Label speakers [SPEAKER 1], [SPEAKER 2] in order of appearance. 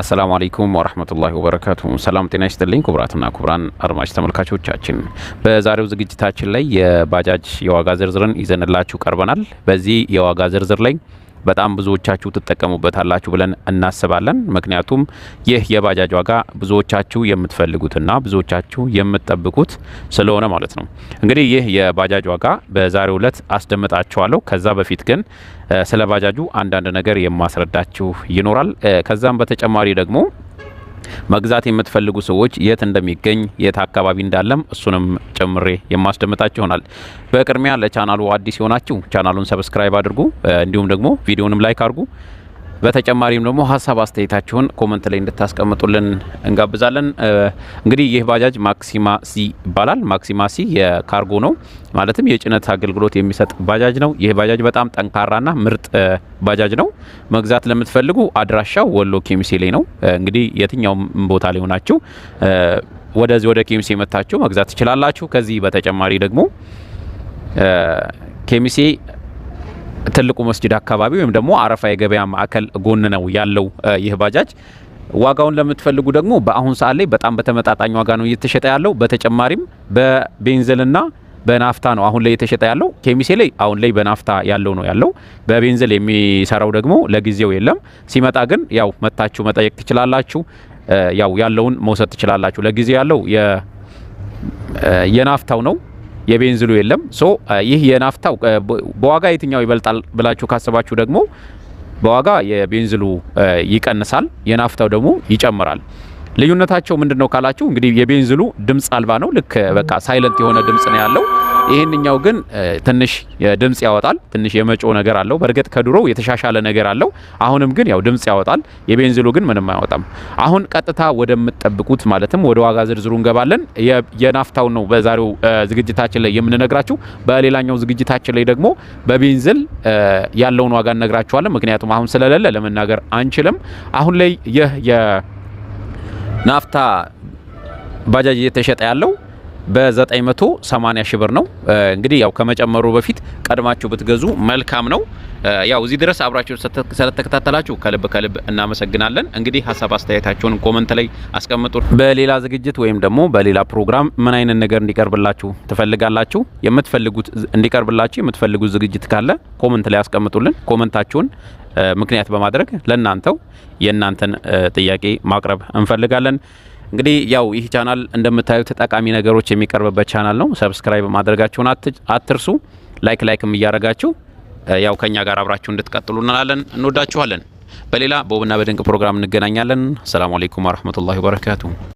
[SPEAKER 1] አሰላሙ አለይኩም ወረህመቱላሂ ወበረካቱ። ሰላም ጤና ይስጥልኝ ክቡራትና ክቡራን አድማጭ ተመልካቾቻችን በዛሬው ዝግጅታችን ላይ የባጃጅ የዋጋ ዝርዝርን ይዘንላችሁ ቀርበናል። በዚህ የዋጋ ዝርዝር ላይ በጣም ብዙዎቻችሁ ትጠቀሙበታላችሁ ብለን እናስባለን። ምክንያቱም ይህ የባጃጅ ዋጋ ብዙዎቻችሁ የምትፈልጉትና ብዙዎቻችሁ የምትጠብቁት ስለሆነ ማለት ነው። እንግዲህ ይህ የባጃጅ ዋጋ በዛሬው ዕለት አስደምጣችኋለሁ። ከዛ በፊት ግን ስለ ባጃጁ አንዳንድ ነገር የማስረዳችሁ ይኖራል። ከዛም በተጨማሪ ደግሞ መግዛት የምትፈልጉ ሰዎች የት እንደሚገኝ የት አካባቢ እንዳለም እሱንም ጨምሬ የማስደምጣችሁ ይሆናል። በቅድሚያ ለቻናሉ አዲስ የሆናችሁ ቻናሉን ሰብስክራይብ አድርጉ፣ እንዲሁም ደግሞ ቪዲዮንም ላይክ አድርጉ። በተጨማሪም ደግሞ ሀሳብ አስተያየታችሁን ኮመንት ላይ እንድታስቀምጡልን እንጋብዛለን። እንግዲህ ይህ ባጃጅ ማክሲማ ሲ ይባላል። ማክሲማ ሲ የካርጎ ነው ማለትም የጭነት አገልግሎት የሚሰጥ ባጃጅ ነው። ይህ ባጃጅ በጣም ጠንካራና ምርጥ ባጃጅ ነው። መግዛት ለምትፈልጉ አድራሻው ወሎ ኬሚሴ ላይ ነው። እንግዲህ የትኛውም ቦታ ላይ ሆናችሁ ወደዚህ ወደ ኬሚሴ መታችሁ መግዛት ትችላላችሁ። ከዚህ በተጨማሪ ደግሞ ኬሚሴ ትልቁ መስጅድ አካባቢ ወይም ደግሞ አረፋ የገበያ ማዕከል ጎን ነው ያለው ይህ ባጃጅ። ዋጋውን ለምትፈልጉ ደግሞ በአሁን ሰዓት ላይ በጣም በተመጣጣኝ ዋጋ ነው እየተሸጠ ያለው። በተጨማሪም በቤንዝልና በናፍታ ነው አሁን ላይ የተሸጠ ያለው። ኬሚሴ ላይ አሁን ላይ በናፍታ ያለው ነው ያለው። በቤንዘል የሚሰራው ደግሞ ለጊዜው የለም። ሲመጣ ግን ያው መታችሁ መጠየቅ ትችላላችሁ። ያው ያለውን መውሰድ ትችላላችሁ። ለጊዜው ያለው የናፍታው ነው። የቤንዝሉ የለም። ሶ ይህ የናፍታው በዋጋ የትኛው ይበልጣል ብላችሁ ካሰባችሁ ደግሞ በዋጋ የቤንዝሉ ይቀንሳል፣ የናፍታው ደግሞ ይጨምራል። ልዩነታቸው ምንድን ነው ካላችሁ እንግዲህ የቤንዝሉ ድምፅ አልባ ነው። ልክ በቃ ሳይለንት የሆነ ድምፅ ነው ያለው። ይህንኛው ግን ትንሽ ድምፅ ያወጣል። ትንሽ የመጮ ነገር አለው። በእርግጥ ከድሮው የተሻሻለ ነገር አለው። አሁንም ግን ያው ድምፅ ያወጣል። የቤንዝሉ ግን ምንም አያወጣም። አሁን ቀጥታ ወደምትጠብቁት ማለትም ወደ ዋጋ ዝርዝሩ እንገባለን። የናፍታው ነው በዛሬው ዝግጅታችን ላይ የምንነግራችሁ። በሌላኛው ዝግጅታችን ላይ ደግሞ በቤንዝል ያለውን ዋጋ እነግራችኋለን። ምክንያቱም አሁን ስለሌለ ለመናገር አንችልም። አሁን ላይ ይህ ናፍታ ባጃጅ እየተሸጠ ያለው በ980 ሺህ ብር ነው። እንግዲህ ያው ከመጨመሩ በፊት ቀድማችሁ ብትገዙ መልካም ነው። ያው እዚህ ድረስ አብራችሁ ስለተከታተላችሁ ከልብ ከልብ እናመሰግናለን። እንግዲህ ሀሳብ አስተያየታችሁን ኮመንት ላይ አስቀምጡ። በሌላ ዝግጅት ወይም ደግሞ በሌላ ፕሮግራም ምን አይነት ነገር እንዲቀርብላችሁ ትፈልጋላችሁ? የምትፈልጉት እንዲቀርብላችሁ የምትፈልጉት ዝግጅት ካለ ኮመንት ላይ አስቀምጡልን። ኮመንታችሁን ምክንያት በማድረግ ለእናንተው የእናንተን ጥያቄ ማቅረብ እንፈልጋለን። እንግዲህ ያው ይህ ቻናል እንደምታዩት ጠቃሚ ነገሮች የሚቀርብበት ቻናል ነው። ሰብስክራይብ ማድረጋችሁን አትርሱ። ላይክ ላይክም እያደረጋችሁ ያው ከኛ ጋር አብራችሁ እንድትቀጥሉ እንላለን። እንወዳችኋለን። በሌላ በውብና በድንቅ ፕሮግራም እንገናኛለን። አሰላሙ አሌይኩም ወረህመቱላሂ ወበረካቱ።